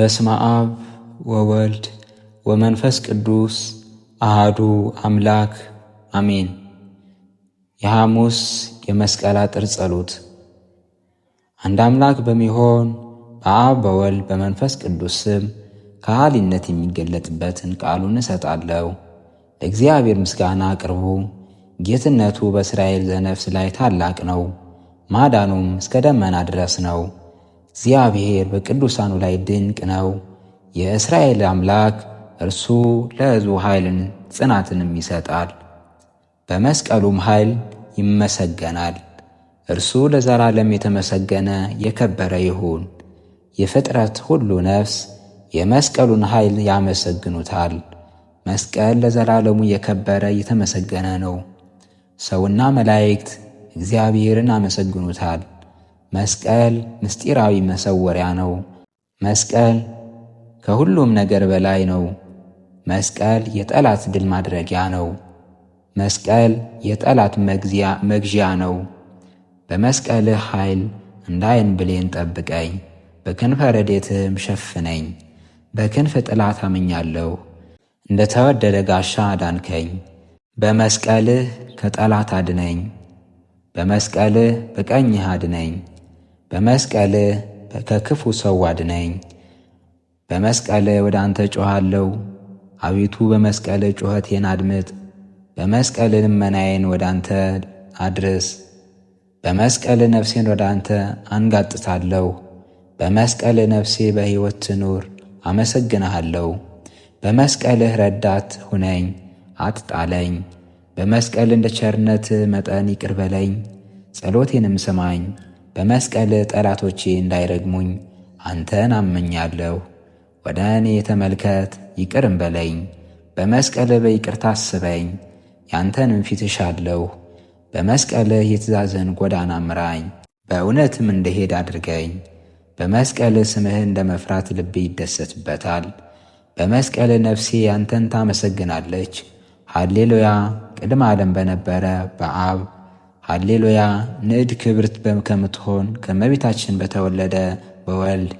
በስመ አብ ወወልድ ወመንፈስ ቅዱስ አሃዱ አምላክ አሜን። የሐሙስ የመስቀል አጥር ጸሎት። አንድ አምላክ በሚሆን በአብ በወልድ በመንፈስ ቅዱስ ስም ከሃሊነት የሚገለጥበትን ቃሉን እሰጣለሁ። ለእግዚአብሔር ምስጋና አቅርቡ። ጌትነቱ በእስራኤል ዘነፍስ ላይ ታላቅ ነው፣ ማዳኑም እስከ ደመና ድረስ ነው። እግዚአብሔር በቅዱሳኑ ላይ ድንቅ ነው። የእስራኤል አምላክ እርሱ ለሕዝቡ ኃይልን ጽናትንም ይሰጣል። በመስቀሉም ኃይል ይመሰገናል። እርሱ ለዘላለም የተመሰገነ የከበረ ይሁን። የፍጥረት ሁሉ ነፍስ የመስቀሉን ኃይል ያመሰግኑታል። መስቀል ለዘላለሙ የከበረ የተመሰገነ ነው። ሰውና መላእክት እግዚአብሔርን አመሰግኑታል። መስቀል ምስጢራዊ መሰወሪያ ነው። መስቀል ከሁሉም ነገር በላይ ነው። መስቀል የጠላት ድል ማድረጊያ ነው። መስቀል የጠላት መግዚያ ነው። በመስቀልህ ኃይል እንዳይን ብሌን ጠብቀኝ፣ በክንፈ ረድኤትህም ሸፍነኝ። በክንፍ ጥላት አምኛለሁ፣ እንደ ተወደደ ጋሻ አዳንከኝ። በመስቀልህ ከጠላት አድነኝ፣ በመስቀልህ በቀኝህ አድነኝ። በመስቀል ከክፉ ሰው አድነኝ። በመስቀል ወደ አንተ ጮኋለሁ። አቤቱ በመስቀል ጩኸቴን አድምጥ፣ በመስቀልህ ልመናዬን ወደ አንተ አድርስ። በመስቀል ነፍሴን ወደ አንተ አንጋጥታለሁ። በመስቀል ነፍሴ በሕይወት ትኑር፣ አመሰግንሃለሁ። በመስቀልህ ረዳት ሁነኝ፣ አትጣለኝ። በመስቀል እንደ ቸርነት መጠን ይቅርበለኝ ጸሎቴንም ስማኝ። በመስቀል ጠላቶቼ እንዳይረግሙኝ አንተን አመኛለሁ። ወደ እኔ ተመልከት፣ ይቅርም በለኝ። በመስቀል በይቅርታ አስበኝ፣ ያንተንም ፊት እሻለሁ። በመስቀልህ የትእዛዝህን ጎዳና ምራኝ፣ በእውነትም እንደሄድ አድርገኝ። በመስቀል ስምህ እንደ መፍራት ልቤ ይደሰትበታል። በመስቀል ነፍሴ ያንተን ታመሰግናለች። ሃሌሉያ። ቅድመ ዓለም በነበረ በአብ ሃሌሉያ ንእድ ክብርት ከምትሆን ከመቤታችን በተወለደ በወልድ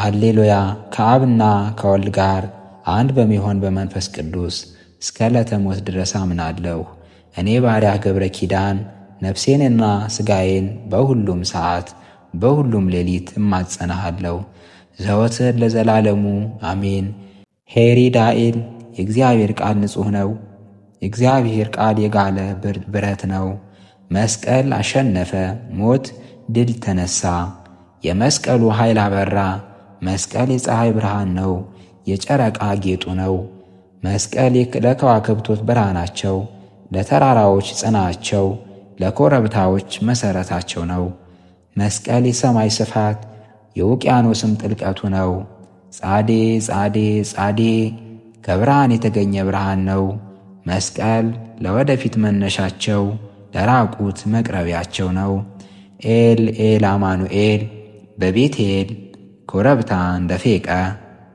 ሃሌሉያ ከአብና ከወልድ ጋር አንድ በሚሆን በመንፈስ ቅዱስ እስከ ዕለተ ሞት ድረስ አምናለሁ። እኔ ባሪያ ገብረ ኪዳን ነፍሴንና ሥጋዬን በሁሉም ሰዓት በሁሉም ሌሊት እማጸናሃለሁ ዘወትር ለዘላለሙ አሜን። ሄሪ ዳኤል የእግዚአብሔር ቃል ንጹሕ ነው። የእግዚአብሔር ቃል የጋለ ብረት ነው። መስቀል አሸነፈ፣ ሞት ድል ተነሳ። የመስቀሉ ኃይል አበራ። መስቀል የፀሐይ ብርሃን ነው፣ የጨረቃ ጌጡ ነው። መስቀል ለከዋክብቶች ብርሃናቸው፣ ለተራራዎች ጽናቸው፣ ለኮረብታዎች መሠረታቸው ነው። መስቀል የሰማይ ስፋት የውቅያኖስም ጥልቀቱ ነው። ጻዴ ጻዴ ጻዴ ከብርሃን የተገኘ ብርሃን ነው። መስቀል ለወደፊት መነሻቸው ለራቁት መቅረቢያቸው ነው። ኤል ኤል አማኑኤል በቤቴል ኮረብታ እንደ ፌቀ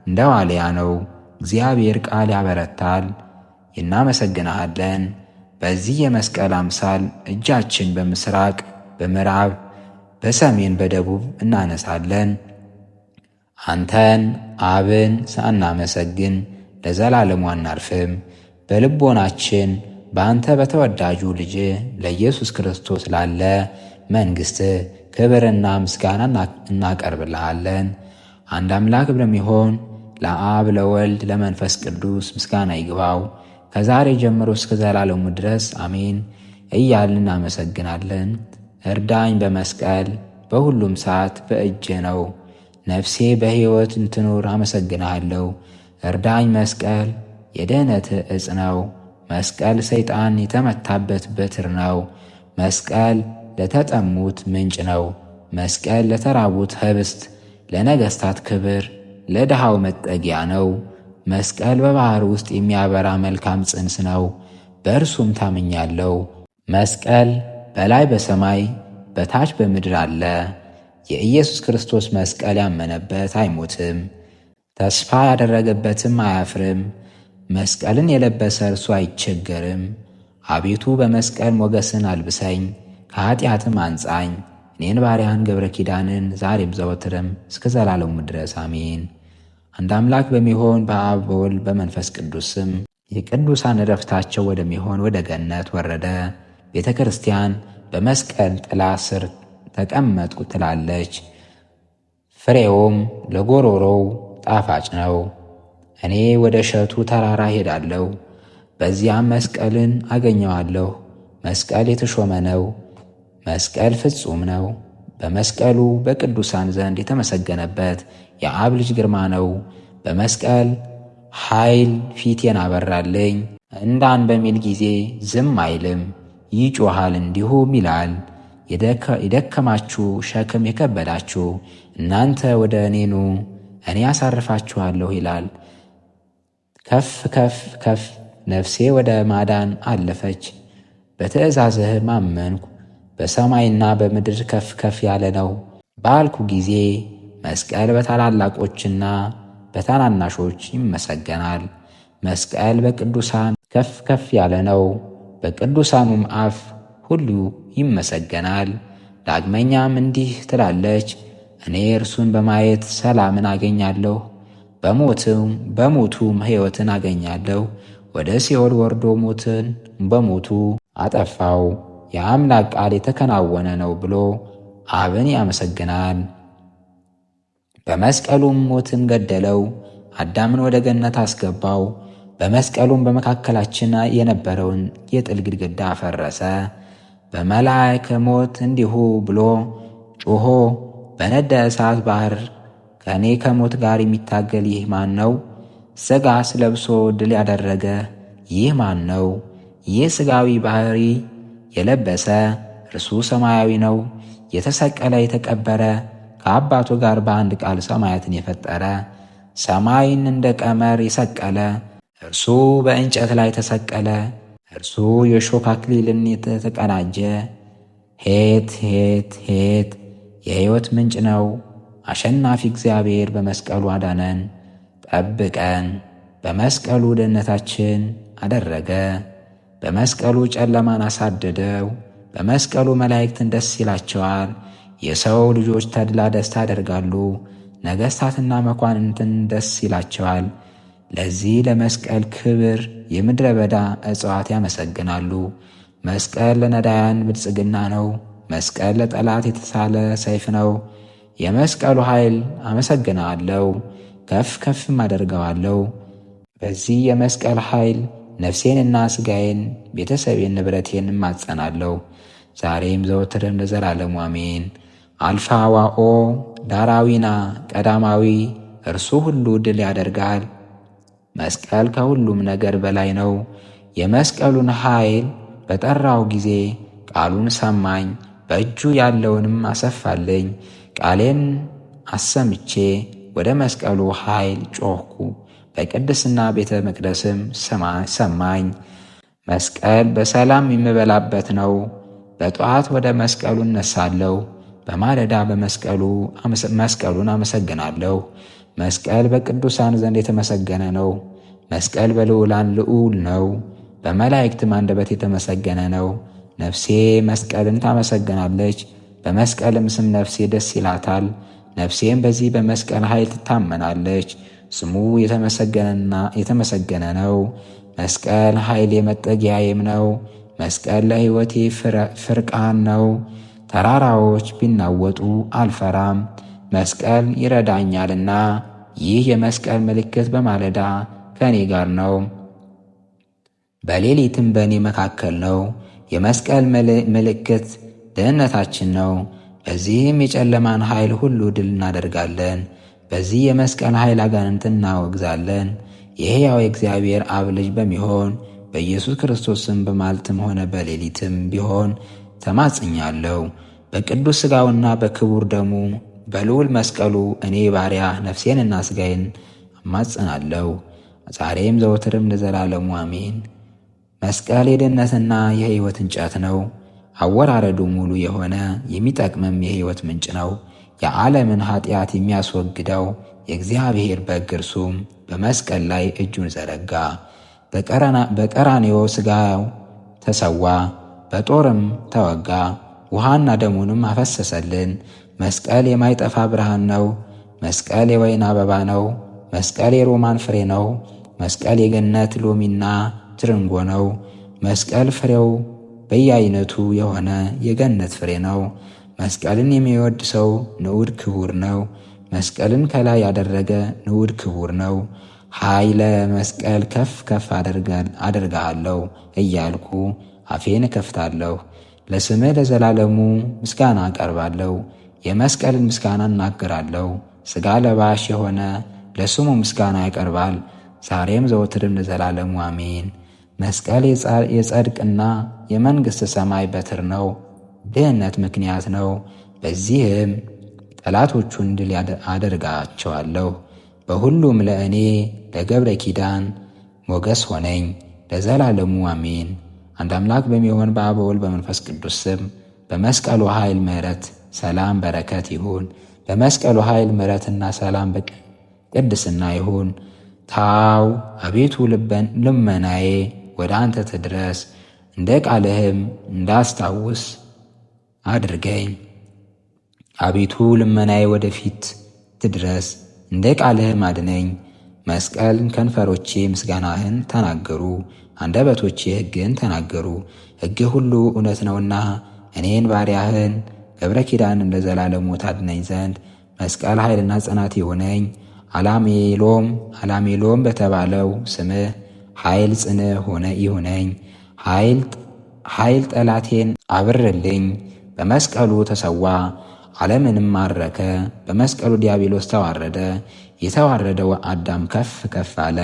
እንደ ዋልያ ነው። እግዚአብሔር ቃል ያበረታል፣ እናመሰግናለን። በዚህ የመስቀል አምሳል እጃችን በምስራቅ በምዕራብ በሰሜን በደቡብ እናነሳለን። አንተን አብን ሳናመሰግን ለዘላለሙ አናርፍም። በልቦናችን በአንተ በተወዳጁ ልጅ ለኢየሱስ ክርስቶስ ላለ መንግሥት ክብርና ምስጋና እናቀርብልሃለን። አንድ አምላክ ለሚሆን ለአብ ለወልድ ለመንፈስ ቅዱስ ምስጋና ይግባው ከዛሬ ጀምሮ እስከ ዘላለሙ ድረስ አሜን እያል እናመሰግናለን። እርዳኝ በመስቀል በሁሉም ሰዓት በእጅ ነው። ነፍሴ በሕይወት እንትኑር አመሰግናለሁ። እርዳኝ መስቀል የድኅነት ዕፅ ነው። መስቀል ሰይጣን የተመታበት በትር ነው። መስቀል ለተጠሙት ምንጭ ነው። መስቀል ለተራቡት ህብስት፣ ለነገሥታት ክብር፣ ለድሃው መጠጊያ ነው። መስቀል በባሕር ውስጥ የሚያበራ መልካም ጽንስ ነው። በእርሱም ታምኛለው። መስቀል በላይ በሰማይ በታች በምድር አለ። የኢየሱስ ክርስቶስ መስቀል ያመነበት አይሞትም፣ ተስፋ ያደረገበትም አያፍርም። መስቀልን የለበሰ እርሱ አይቸገርም። አቤቱ በመስቀል ሞገስን አልብሰኝ፣ ከኃጢአትም አንጻኝ። እኔን ባሪያህን ገብረ ኪዳንን ዛሬም ዘወትርም እስከ ዘላለሙ ድረስ አሜን። አንድ አምላክ በሚሆን በአብ በወልድ በመንፈስ ቅዱስ ስም የቅዱሳን እረፍታቸው ወደሚሆን ወደ ገነት ወረደ። ቤተ ክርስቲያን በመስቀል ጥላ ስር ተቀመጡ ትላለች። ፍሬውም ለጎሮሮው ጣፋጭ ነው። እኔ ወደ እሸቱ ተራራ ሄዳለሁ፣ በዚያም መስቀልን አገኘዋለሁ። መስቀል የተሾመ ነው። መስቀል ፍጹም ነው። በመስቀሉ በቅዱሳን ዘንድ የተመሰገነበት የአብ ልጅ ግርማ ነው። በመስቀል ኃይል ፊቴን አበራልኝ። እንዳን በሚል ጊዜ ዝም አይልም፣ ይጮሃል እንዲሁም ይላል። የደከማችሁ ሸክም የከበዳችሁ እናንተ ወደ እኔኑ እኔ አሳርፋችኋለሁ ይላል። ከፍ ከፍ ከፍ ነፍሴ ወደ ማዳን አለፈች። በትእዛዝህ ማመንኩ። በሰማይና በምድር ከፍ ከፍ ያለ ነው ባልኩ ጊዜ መስቀል በታላላቆችና በታናናሾች ይመሰገናል። መስቀል በቅዱሳን ከፍ ከፍ ያለ ነው፣ በቅዱሳኑም አፍ ሁሉ ይመሰገናል። ዳግመኛም እንዲህ ትላለች፣ እኔ እርሱን በማየት ሰላምን አገኛለሁ በሞትም በሞቱም ሕይወትን አገኛለሁ። ወደ ሲኦል ወርዶ ሞትን በሞቱ አጠፋው የአምላክ ቃል የተከናወነ ነው ብሎ አብን ያመሰግናል። በመስቀሉም ሞትን ገደለው፣ አዳምን ወደ ገነት አስገባው። በመስቀሉም በመካከላችን የነበረውን የጥል ግድግዳ አፈረሰ። በመልአከ ሞት እንዲሁ ብሎ ጮሆ በነደ እሳት ባህር ከእኔ ከሞት ጋር የሚታገል ይህ ማን ነው? ሥጋ ስለብሶ ድል ያደረገ ይህ ማን ነው? ይህ ሥጋዊ ባሕሪ የለበሰ እርሱ ሰማያዊ ነው። የተሰቀለ የተቀበረ፣ ከአባቱ ጋር በአንድ ቃል ሰማያትን የፈጠረ ሰማይን እንደ ቀመር የሰቀለ እርሱ በእንጨት ላይ ተሰቀለ። እርሱ የሾህ አክሊልን የተቀናጀ ሄት ሄት ሄት የሕይወት ምንጭ ነው። አሸናፊ እግዚአብሔር በመስቀሉ አዳነን፣ ጠብቀን፣ በመስቀሉ ደህንነታችን አደረገ። በመስቀሉ ጨለማን አሳደደው። በመስቀሉ መላእክትን ደስ ይላቸዋል። የሰው ልጆች ተድላ ደስታ ያደርጋሉ። ነገሥታትና መኳንንትን ደስ ይላቸዋል። ለዚህ ለመስቀል ክብር የምድረ በዳ እጽዋት ያመሰግናሉ። መስቀል ለነዳያን ብልጽግና ነው። መስቀል ለጠላት የተሳለ ሰይፍ ነው። የመስቀሉ ኃይል አመሰግናለሁ፣ ከፍ ከፍም አደርገዋለሁ። በዚህ የመስቀል ኃይል ነፍሴንና ሥጋዬን ቤተሰቤን ንብረቴን አጸናለሁ። ዛሬም ዘወትርም ለዘላለሙ አሜን። አልፋ ዋኦ ዳራዊና ቀዳማዊ እርሱ ሁሉ ድል ያደርጋል። መስቀል ከሁሉም ነገር በላይ ነው። የመስቀሉን ኃይል በጠራው ጊዜ ቃሉን ሰማኝ፣ በእጁ ያለውንም አሰፋለኝ። ቃሌን አሰምቼ ወደ መስቀሉ ኃይል ጮኽኩ። በቅድስና ቤተ መቅደስም ሰማኝ። መስቀል በሰላም የምበላበት ነው። በጠዋት ወደ መስቀሉ እነሳለሁ። በማለዳ በመስቀሉ መስቀሉን አመሰግናለሁ። መስቀል በቅዱሳን ዘንድ የተመሰገነ ነው። መስቀል በልዑላን ልዑል ነው። በመላእክትም አንደበት የተመሰገነ ነው። ነፍሴ መስቀልን ታመሰግናለች። በመስቀልም ስም ነፍሴ ደስ ይላታል። ነፍሴም በዚህ በመስቀል ኃይል ትታመናለች። ስሙ የተመሰገነና የተመሰገነ ነው። መስቀል ኃይል የመጠጊያዬም ነው። መስቀል ለሕይወቴ ፍርቃን ነው። ተራራዎች ቢናወጡ አልፈራም፣ መስቀል ይረዳኛልና። ይህ የመስቀል ምልክት በማለዳ ከእኔ ጋር ነው፣ በሌሊትም በእኔ መካከል ነው። የመስቀል ምልክት ድህነታችን ነው። በዚህም የጨለማን ኃይል ሁሉ ድል እናደርጋለን። በዚህ የመስቀል ኃይል አጋንንትን እናወግዛለን። የሕያው የእግዚአብሔር አብ ልጅ በሚሆን በኢየሱስ ክርስቶስም በማልትም ሆነ በሌሊትም ቢሆን ተማጽኛለሁ። በቅዱስ ሥጋውና በክቡር ደሙ በልዑል መስቀሉ እኔ ባሪያ ነፍሴንና ሥጋዬን አማጽናለሁ። ዛሬም ዘወትርም ለዘላለሙ አሜን። መስቀል የድህነትና የሕይወት እንጨት ነው። አወራረዱ ሙሉ የሆነ የሚጠቅምም የሕይወት ምንጭ ነው። የዓለምን ኃጢአት የሚያስወግደው የእግዚአብሔር በግ እርሱም በመስቀል ላይ እጁን ዘረጋ። በቀራንዮ ሥጋው ተሰዋ፣ በጦርም ተወጋ፣ ውሃና ደሙንም አፈሰሰልን። መስቀል የማይጠፋ ብርሃን ነው። መስቀል የወይን አበባ ነው። መስቀል የሮማን ፍሬ ነው። መስቀል የገነት ሎሚና ትርንጎ ነው። መስቀል ፍሬው በየአይነቱ የሆነ የገነት ፍሬ ነው። መስቀልን የሚወድ ሰው ንዑድ ክቡር ነው። መስቀልን ከላይ ያደረገ ንዑድ ክቡር ነው። ኃይለ መስቀል ከፍ ከፍ አደርግሃለሁ እያልኩ አፌን እከፍታለሁ። ለስምህ ለዘላለሙ ምስጋና አቀርባለሁ። የመስቀልን ምስጋና እናገራለሁ። ሥጋ ለባሽ የሆነ ለስሙ ምስጋና ያቀርባል። ዛሬም ዘወትርም ለዘላለሙ አሜን። መስቀል የጸድቅና የመንግሥተ ሰማይ በትር ነው፣ ድህነት ምክንያት ነው። በዚህም ጠላቶቹን ድል አደርጋቸዋለሁ። በሁሉም ለእኔ ለገብረ ኪዳን ሞገስ ሆነኝ ለዘላለሙ አሜን። አንድ አምላክ በሚሆን በአብ በመንፈስ ቅዱስ ስም በመስቀሉ ኃይል ምሕረት፣ ሰላም፣ በረከት ይሁን። በመስቀሉ ኃይል ምሕረትና ሰላም ቅድስና ይሁን። ታው አቤቱ ልመናዬ ወደ አንተ ትድረስ እንደ ቃልህም እንዳስታውስ አድርገኝ። አቤቱ ልመናዬ ወደፊት ትድረስ እንደ ቃልህም አድነኝ። መስቀል ከንፈሮቼ ምስጋናህን ተናገሩ፣ አንደበቶቼ ህግን ተናገሩ። ሕግ ሁሉ እውነት ነውና እኔን ባሪያህን ገብረ ኪዳን እንደ ዘላለም ሞት አድነኝ ዘንድ መስቀል ኃይልና ጽናት የሆነኝ አላሜሎም አላሜሎም በተባለው ስምህ ኃይል ጽነ ሆነ ይሁነኝ፣ ኃይል ጠላቴን አብርልኝ። በመስቀሉ ተሰዋ፣ ዓለምንም ማረከ። በመስቀሉ ዲያብሎስ ተዋረደ፣ የተዋረደው አዳም ከፍ ከፍ አለ።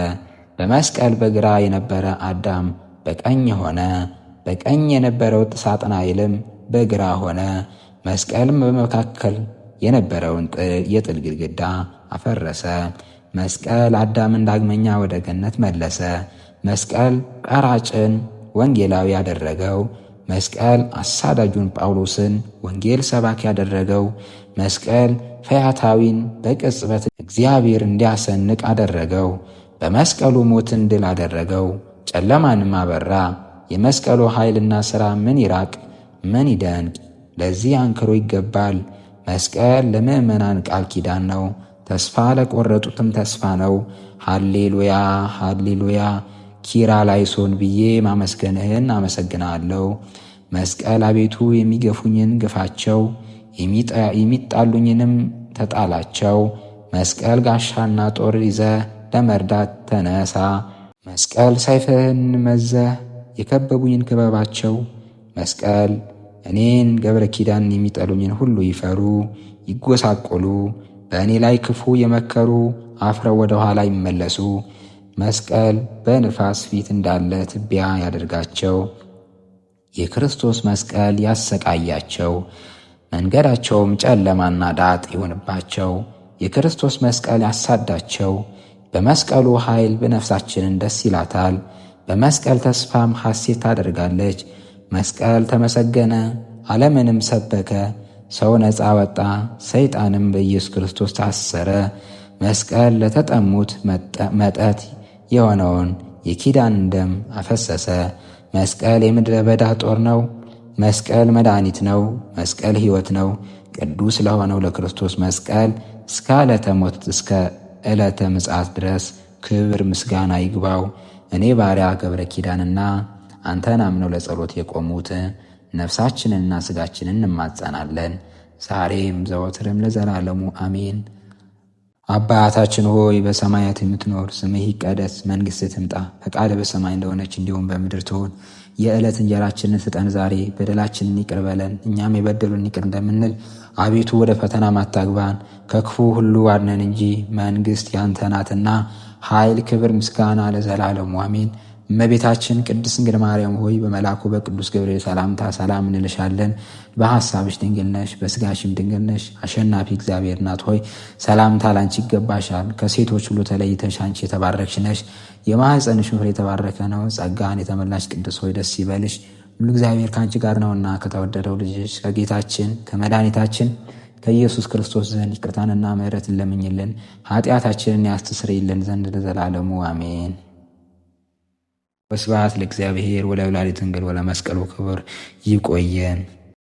በመስቀል በግራ የነበረ አዳም በቀኝ ሆነ፣ በቀኝ የነበረው ሳጥናኤልም በግራ ሆነ። መስቀልም በመካከል የነበረውን የጥል ግድግዳ አፈረሰ። መስቀል አዳምን ዳግመኛ ወደ ገነት መለሰ። መስቀል ቀራጭን ወንጌላዊ ያደረገው፣ መስቀል አሳዳጁን ጳውሎስን ወንጌል ሰባኪ ያደረገው፣ መስቀል ፈያታዊን በቅጽበት እግዚአብሔር እንዲያሰንቅ አደረገው። በመስቀሉ ሞትን ድል አደረገው፣ ጨለማንም አበራ። የመስቀሉ ኃይልና ሥራ ምን ይራቅ ምን ይደንቅ! ለዚህ አንክሮ ይገባል። መስቀል ለምዕመናን ቃል ኪዳን ነው። ተስፋ ለቆረጡትም ተስፋ ነው። ሃሌሉያ ሃሌሉያ ኪራ ላይሶን ብዬ ማመስገንህን አመሰግናለሁ። መስቀል አቤቱ የሚገፉኝን ግፋቸው፣ የሚጣሉኝንም ተጣላቸው። መስቀል ጋሻና ጦር ይዘ ለመርዳት ተነሳ። መስቀል ሰይፍህን መዘ የከበቡኝን ክበባቸው። መስቀል እኔን ገብረ ኪዳን የሚጠሉኝን ሁሉ ይፈሩ ይጎሳቆሉ። በእኔ ላይ ክፉ የመከሩ አፍረው ወደ ኋላ ይመለሱ። መስቀል በንፋስ ፊት እንዳለ ትቢያ ያደርጋቸው። የክርስቶስ መስቀል ያሰቃያቸው፣ መንገዳቸውም ጨለማና ዳጥ ይሆንባቸው። የክርስቶስ መስቀል ያሳዳቸው። በመስቀሉ ኃይል በነፍሳችንን ደስ ይላታል። በመስቀል ተስፋም ሐሴት ታደርጋለች። መስቀል ተመሰገነ፣ ዓለምንም ሰበከ። ሰው ነፃ ወጣ፣ ሰይጣንም በኢየሱስ ክርስቶስ ታሰረ። መስቀል ለተጠሙት መጠጥ የሆነውን የኪዳን ደም አፈሰሰ። መስቀል የምድረ በዳ ጦር ነው። መስቀል መድኃኒት ነው። መስቀል ሕይወት ነው። ቅዱስ ለሆነው ለክርስቶስ መስቀል እስከ ዕለተ ሞት እስከ ዕለተ ምጽአት ድረስ ክብር ምስጋና ይግባው። እኔ ባሪያ ገብረ ኪዳንና አንተን አምነው ለጸሎት የቆሙት ነፍሳችንንና ስጋችንን እንማጸናለን ዛሬም ዘወትርም ለዘላለሙ አሜን። አባታችን ሆይ በሰማያት የምትኖር ስምህ ይቀደስ፣ መንግስት ትምጣ፣ ፈቃደ በሰማይ እንደሆነች እንዲሁም በምድር ትሆን። የዕለት እንጀራችንን ስጠን ዛሬ፣ በደላችንን ይቅር በለን እኛም የበደሉን ይቅር እንደምንል፣ አቤቱ ወደ ፈተና ማታግባን፣ ከክፉ ሁሉ አድነን እንጂ መንግስት ያንተናትና ኃይል፣ ክብር፣ ምስጋና ለዘላለሙ አሜን። እመቤታችን ቅድስት ድንግል ማርያም ሆይ በመላኩ በቅዱስ ገብርኤል ሰላምታ ሰላም እንልሻለን። በሐሳብሽ ድንግል ነሽ፣ በሥጋሽም ድንግል ነሽ። አሸናፊ እግዚአብሔር እናት ሆይ ሰላምታ ላንቺ ይገባሻል። ከሴቶች ሁሉ ተለይተሽ አንቺ የተባረክሽ ነሽ፣ የማኅፀንሽ ፍሬ የተባረከ ነው። ጸጋን የተመላሽ ቅድስት ሆይ ደስ ይበልሽ፣ ሁሉ እግዚአብሔር ከአንቺ ጋር ነውና ከተወደደው ልጅሽ ከጌታችን ከመድኃኒታችን ከኢየሱስ ክርስቶስ ዘንድ ይቅርታንና ምሕረትን ለምኝልን ኃጢአታችንን ያስተሰርይልን ዘንድ ለዘላለሙ አሜን። ወስብሐት ለእግዚአብሔር ወለወላዲቱ ድንግል ወለመስቀሉ ክብር። ይቆየን።